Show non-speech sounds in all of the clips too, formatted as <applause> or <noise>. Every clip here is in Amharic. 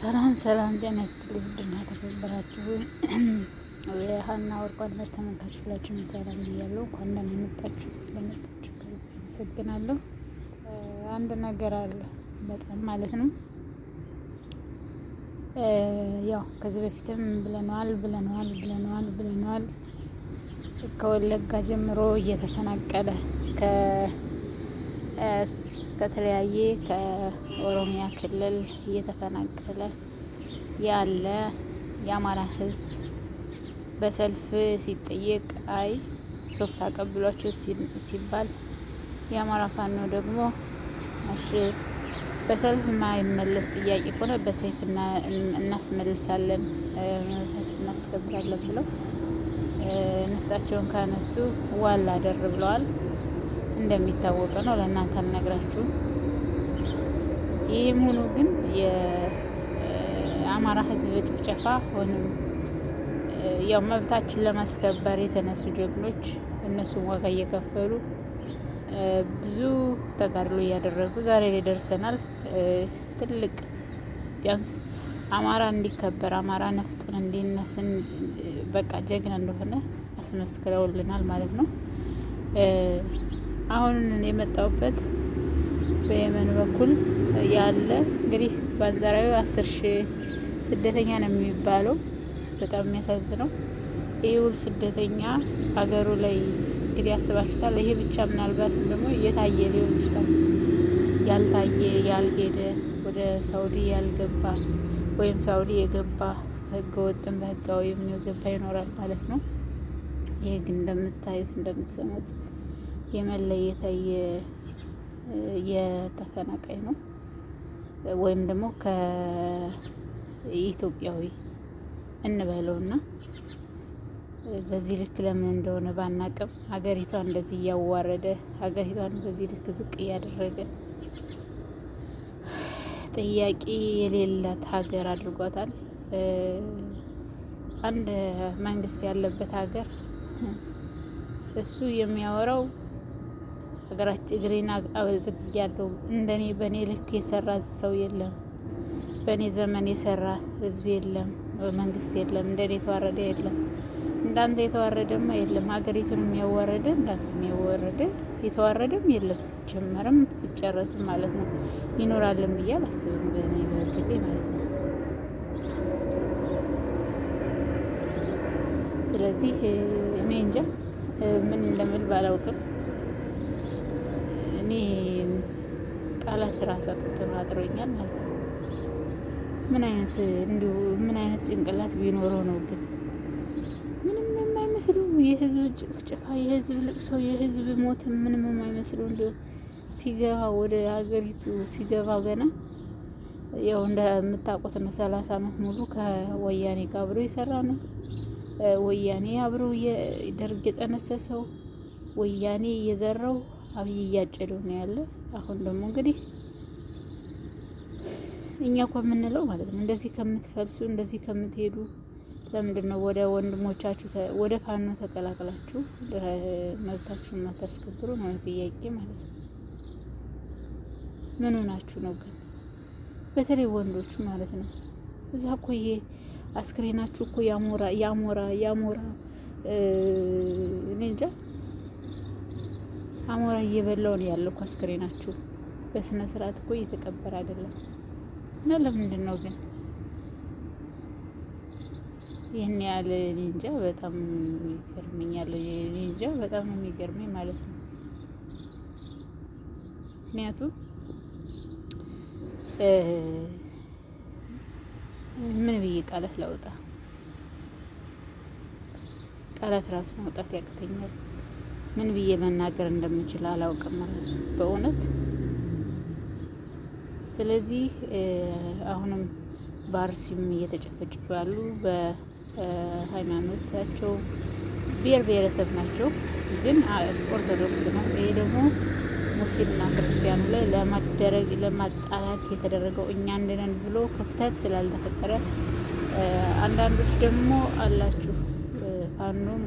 ሰላም ሰላም፣ ጤና ይስጥልኝ። ውድና የተከበራችሁ የሀና ወርቅ አድማጭ ተመልካች ሁላችሁም ሰላም እያለሁ እንኳን ደህና መጣችሁ። ስለመጣችሁ አመሰግናለሁ። አንድ ነገር አለ በጣም ማለት ነው። ያው ከዚህ በፊትም ብለነዋል ብለነዋል ብለነዋል ብለነዋል። ከወለጋ ጀምሮ እየተፈናቀለ ከተለያየ ከኦሮሚያ ክልል እየተፈናቀለ ያለ የአማራ ህዝብ በሰልፍ ሲጠየቅ አይ ሶፍት አቀብሏቸው ሲባል የአማራ ፋኖ ደግሞ እሺ በሰልፍ የማይመለስ ጥያቄ ከሆነ በሰይፍ እናስመልሳለን፣ መብት እናስከብራለን ብለው ነፍጣቸውን ካነሱ ዋላ አደር ብለዋል። እንደሚታወቀ ነው። ለእናንተ አልነግራችሁም። ይህም ሆኖ ግን የአማራ ሕዝብ ጭፍጨፋ ሆንም ያው መብታችን ለማስከበር የተነሱ ጀግኖች እነሱን ዋጋ እየከፈሉ ብዙ ተጋድሎ እያደረጉ ዛሬ ላይ ደርሰናል። ትልቅ ቢያንስ አማራ እንዲከበር አማራ ነፍጡን እንዲነስን በቃ ጀግና እንደሆነ አስመስክረውልናል ማለት ነው። አሁን የመጣውበት በየመን በኩል ያለ እንግዲህ በአንጻራዊ አስር ሺ ስደተኛ ነው የሚባለው። በጣም የሚያሳዝነው ይውል ስደተኛ ሀገሩ ላይ እንግዲህ ያስባችሁታል። ይሄ ብቻ ምናልባት ደግሞ እየታየ ሊሆን ይችላል። ያልታየ ያልሄደ ወደ ሳውዲ ያልገባ ወይም ሳውዲ የገባ ህገ ወጥም በህጋዊ የሚገባ ይኖራል ማለት ነው። ይህ ግን እንደምታዩት እንደምትሰሙት የመለየት የተፈናቃይ ነው ወይም ደግሞ ከኢትዮጵያዊ እንበለው እና በዚህ ልክ ለምን እንደሆነ ባናቅም ሀገሪቷን እንደዚህ እያዋረደ ሀገሪቷን በዚህ ልክ ዝቅ እያደረገ ጥያቄ የሌላት ሀገር አድርጓታል። አንድ መንግስት ያለበት ሀገር እሱ የሚያወራው ሀገራችን እግሬን አበልጽጌያለሁ። እንደኔ በእኔ ልክ የሰራ ሰው የለም። በእኔ ዘመን የሰራ ህዝብ የለም፣ መንግስት የለም። እንደኔ የተዋረደ የለም፣ እንዳንተ የተዋረደማ የለም። ሀገሪቱን የሚያዋረደ እንዳንተ የሚያዋረደ የተዋረደም የለም። ሲጀመርም ሲጨረስም ማለት ነው ይኖራልን ብዬ አላስብም፣ በእኔ በእርግጤ ማለት ነው። ስለዚህ እኔ እንጃ ምን እንደምል ባላውቅም እኔ ቃላት ራሳ አጥሮኛል ማለት ነው። ምን አይነት እንዲሁ ምን አይነት ጭንቅላት ቢኖረው ነው ግን ምንም የማይመስለው የህዝብ ጭፍጭፋ፣ የህዝብ ልቅሶ፣ የህዝብ ሞት ምንም የማይመስለው እንዲሁ ሲገባ ወደ ሀገሪቱ ሲገባ ገና ያው እንደምታውቁት ነው። ሰላሳ አመት ሙሉ ከወያኔ ጋር አብሮ የሰራ ነው። ወያኔ አብሮ የደርግ የጠነሰሰው ወያኔ እየዘራው አብይ እያጨደው ነው ያለ። አሁን ደግሞ እንግዲህ እኛ እኮ የምንለው ማለት ነው እንደዚህ ከምትፈልሱ እንደዚህ ከምትሄዱ ለምንድን ነው ወደ ወንድሞቻችሁ ወደ ፋኖ ተቀላቅላችሁ መብታችሁን ማታስከብሩ ነው ጥያቄ ማለት ነው። ምኑ ናችሁ ነው ግን በተለይ ወንዶቹ ማለት ነው። እዛ እኮ ይሄ አስክሬናችሁ እኮ ያሞራ ያሞራ ያሞራ እኔ እንጃ አሞራ እየበላው ነው ያለው እኮ አስክሬናችሁ በስነ ስርዓት እኮ እየተቀበረ አይደለም። እና ለምንድን ነው ግን ይህን ያለ ኒንጃ? በጣም ይገርመኛል። ኒንጃ በጣም ነው የሚገርመኝ ማለት ነው። ምክንያቱም ምን ብዬ ቃላት ላውጣ? ቃላት ራሱ ማውጣት ያቅተኛል። ምን ብዬ መናገር እንደምችል አላውቅም ራሱ በእውነት። ስለዚህ አሁንም በአርሲም እየተጨፈጨፉ ያሉ በሃይማኖታቸው ብሔር ብሔረሰብ ናቸው፣ ግን ኦርቶዶክስ ነው። ይሄ ደግሞ ሙስሊምና ክርስቲያኑ ላይ ለማደረግ ለማጣላት የተደረገው እኛ እንድነን ብሎ ክፍተት ስላልተፈጠረ አንዳንዶች ደግሞ አላችሁ ፋኖም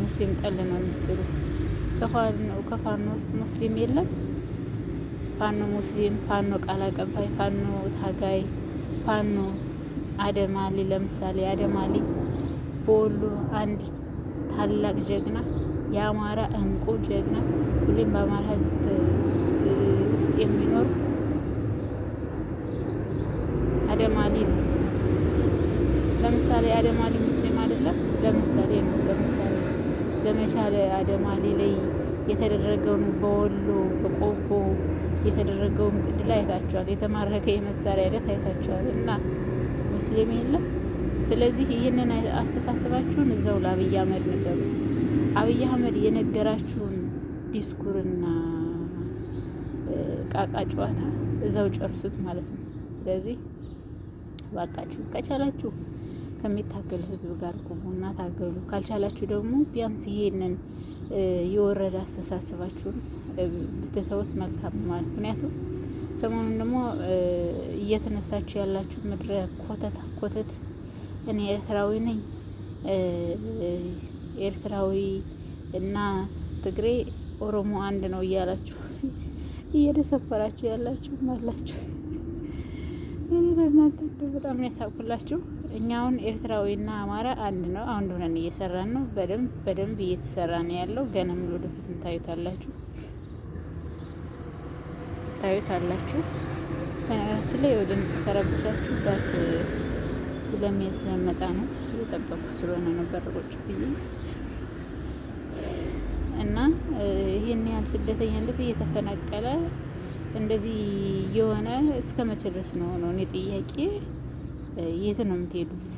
ሙስሊም ጠል ነው የምትሉ ከፋኖ ውስጥ ሙስሊም የለም። ፋኖ ሙስሊም፣ ፋኖ ቃል አቀባይ፣ ፋኖ ታጋይ፣ ፋኖ አደማሊ። ለምሳሌ አደማሊ በወሎ አንድ ታላቅ ጀግና፣ የአማራ እንቁ ጀግና፣ ሁሌም በአማራ ህዝብ ውስጥ የሚኖር አደማሊ ነው። ለምሳሌ አደማሊ ሙስሊም አይደለም። ለምሳሌ ነው። ለምሳሌ ዘመቻ አደማሊ ላይ የተደረገውን በወሎ በቆቦ የተደረገውን ቅድል አይታችኋል። የተማረከ የመሳሪያ አይነት አይታችኋል። እና ሙስሊም የለም። ስለዚህ ይህንን አስተሳሰባችሁን እዛው ለአብይ አህመድ ንገሩ። አብይ አህመድ የነገራችሁን ዲስኩርና ቃቃ ጨዋታ እዛው ጨርሱት ማለት ነው። ስለዚህ ባቃችሁ ከቻላችሁ ከሚታገል ህዝብ ጋር እና ታገሉ። ካልቻላችሁ ደግሞ ቢያንስ ይሄንን የወረደ አስተሳሰባችሁን ብትተውት መልካም ማለት ምክንያቱም ሰሞኑን ደግሞ እየተነሳችሁ ያላችሁ ምድረ ኮተት ኮተት እኔ ኤርትራዊ ነኝ ኤርትራዊ እና ትግሬ ኦሮሞ አንድ ነው እያላችሁ <laughs> እየደሰፈራችሁ ያላችሁ አላችሁ። እኔ በእናንተ በጣም ያሳቁላችሁ። እኛውን ኤርትራዊና አማራ አንድ ነው። አንድ ሆነን እየሰራን ነው። በደንብ በደንብ እየተሰራ ነው ያለው። ገናም ወደፊትም ታዩታላችሁ ታዩታላችሁ። በነገራችን ላይ ወደ ምስ ከረብቻችሁ ባስ ስለሚሄድ ስለመጣ ነው እየጠበቁ ስለሆነ ነበር ቁጭ ብዬ እና ይህን ያህል ስደተኛ እንደዚህ እየተፈናቀለ እንደዚህ የሆነ እስከ መቼ ድረስ ነው ነው እኔ ጥያቄ የት ነው የምትሄዱትስ?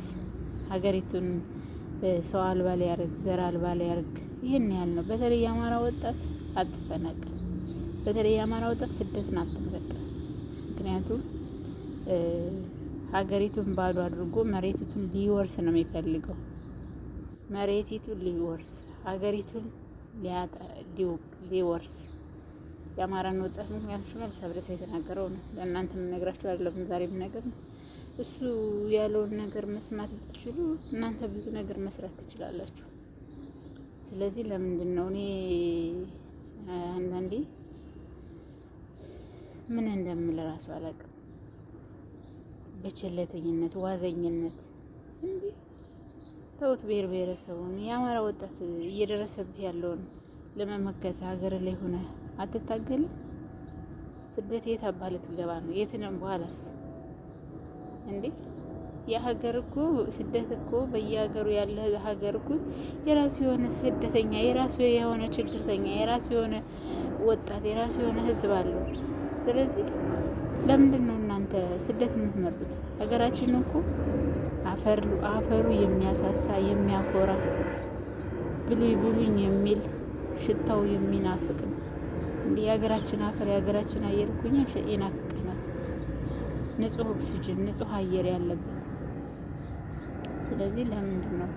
ሀገሪቱን ሰው አልባ ሊያርግ ዘር አልባ ሊያርግ ይህን ያህል ነው። በተለይ የአማራ ወጣት አትፈነቅ። በተለይ የአማራ ወጣት ስደትን አትምረጥ። ምክንያቱም ሀገሪቱን ባዶ አድርጎ መሬቲቱን ሊወርስ ነው የሚፈልገው። መሬቲቱን ሊወርስ ሀገሪቱን ሊወርስ የአማራን ወጣት ምክንያቱ ሽመል አብዲሳ የተናገረው ነው። ለእናንተ የምነግራቸው አይደለም ዛሬ የምነግር ነው። እሱ ያለውን ነገር መስማት ብትችሉ እናንተ ብዙ ነገር መስራት ትችላላችሁ። ስለዚህ ለምንድን ነው እኔ አንዳንዴ ምን እንደምል እራሱ አላውቅም። በቸለተኝነት ዋዘኝነት እንዲህ ተውት። ብሔር ብሔረሰቡን የአማራ ወጣት እየደረሰብህ ያለውን ለመመከት ሀገር ላይ ሆነ አትታገልም? ስደት የት አባል ልትገባ ነው? የትንም በኋላስ እንዴ የሀገር እኮ ስደት እኮ በየሀገሩ ያለ ሀገር እኮ የራሱ የሆነ ስደተኛ፣ የራሱ የሆነ ችግርተኛ፣ የራሱ የሆነ ወጣት፣ የራሱ የሆነ ህዝብ አለው። ስለዚህ ለምንድን ነው እናንተ ስደት የምትመርጡት? ሀገራችን እኮ አፈሩ አፈሩ የሚያሳሳ የሚያኮራ ብሉይ ብሉኝ የሚል ሽታው የሚናፍቅ ነው። እንዲህ የሀገራችን አፈር የሀገራችን አየር እኮ ይናፍቀናል። ንጹህ ኦክሲጅን፣ ንጹህ አየር ያለበት። ስለዚህ ለምንድን ነው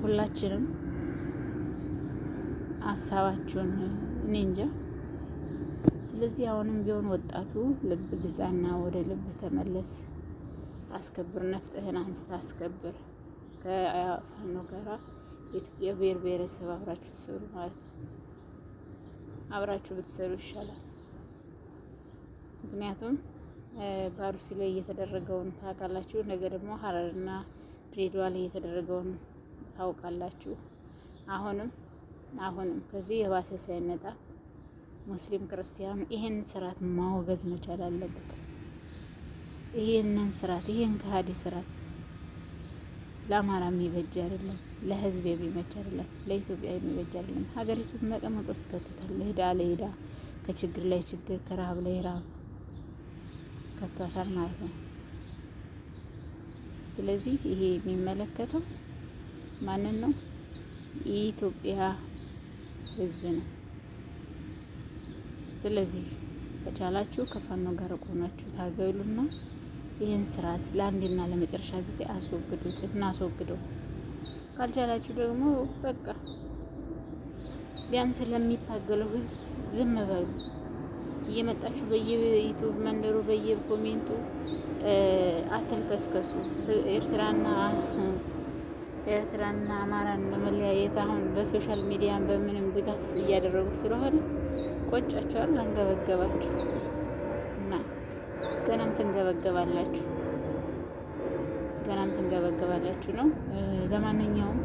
ሁላችንም ሀሳባችሁን እኔ እንጃ። ስለዚህ አሁንም ቢሆን ወጣቱ ልብ ግዛና ወደ ልብ ተመለስ፣ አስከብር፣ ነፍጥህን አንስተ አስከብር። ከፋኖ ጋራ የኢትዮጵያ ብሔር ብሔረሰብ አብራችሁ ስሩ ማለት ነው አብራችሁ ብትሰሩ ይሻላል። ምክንያቱም ባሩሲ ላይ እየተደረገውን ታውቃላችሁ። ነገ ደግሞ ሀረርና ድሬዳዋ ላይ እየተደረገውን ታውቃላችሁ። አሁንም አሁንም ከዚህ የባሰ ሳይመጣ ሙስሊም ክርስቲያኑ ይህን ስርዓት ማወገዝ መቻል አለበት። ይህንን ስርዓት ይህን ከሀዲ ስርዓት ለአማራ የሚበጅ አይደለም፣ ለህዝብ የሚበጅ አይደለም፣ ለኢትዮጵያ የሚበጅ አይደለም። ሀገሪቱን መቀመቅ ውስጥ ከቶታል። ለሄዳ ለሄዳ ከችግር ላይ ችግር ከረሀብ ላይ ረሀብ ይከቷታል ማለት ነው። ስለዚህ ይሄ የሚመለከተው ማንን ነው? የኢትዮጵያ ሕዝብ ነው። ስለዚህ ከቻላችሁ ከፋኖ ጋር ቆናችሁ ታገሉና ይህን ስርዓት ለአንድና ለመጨረሻ ጊዜ አስወግዱት እናስወግደው። ካልቻላችሁ ደግሞ በቃ ቢያንስ ለሚታገለው ህዝብ ዝም በሉ። እየመጣችሁ በየዩቱብ መንደሩ በየኮሜንቱ አትልከስከሱ። ኤርትራና ኤርትራና አማራን ለመለያየት አሁን በሶሻል ሚዲያን በምንም ድጋፍ እያደረጉ ስለሆነ ቆጫቸዋል፣ አንገበገባችሁ እና ገናም ትንገበገባላችሁ፣ ገናም ትንገበገባላችሁ ነው። ለማንኛውም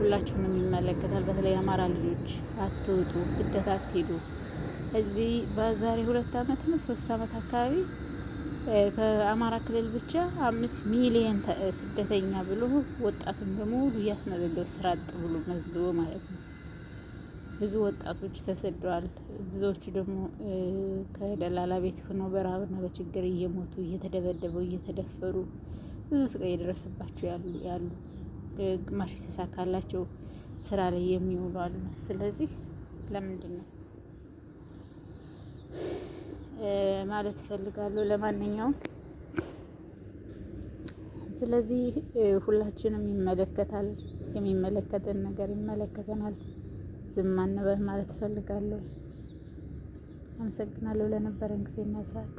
ሁላችሁንም ይመለከታል። በተለይ አማራ ልጆች አትውጡ፣ ስደት አትሄዱ። እዚህ በዛሬ ሁለት አመት ነው ሶስት አመት አካባቢ ከአማራ ክልል ብቻ አምስት ሚሊየን ስደተኛ ብሎ ወጣቱን በሙሉ እያስመዘገብ ስራ አጥ ብሎ መዝግቦ ማለት ነው። ብዙ ወጣቶች ተሰደዋል። ብዙዎቹ ደግሞ ከደላላ ቤት ሆኖ በረሃብና በችግር እየሞቱ እየተደበደበው እየተደፈሩ ብዙ ስቃይ የደረሰባቸው ያሉ ያሉ ግማሽ የተሳካላቸው ስራ ላይ የሚውሉ አሉ። ስለዚህ ለምንድን ነው ማለት እፈልጋለሁ። ለማንኛውም ስለዚህ ሁላችንም ይመለከታል፣ የሚመለከተን ነገር ይመለከተናል። ዝም አንበል ማለት እፈልጋለሁ። አመሰግናለሁ ለነበረን ጊዜና ሰዓት።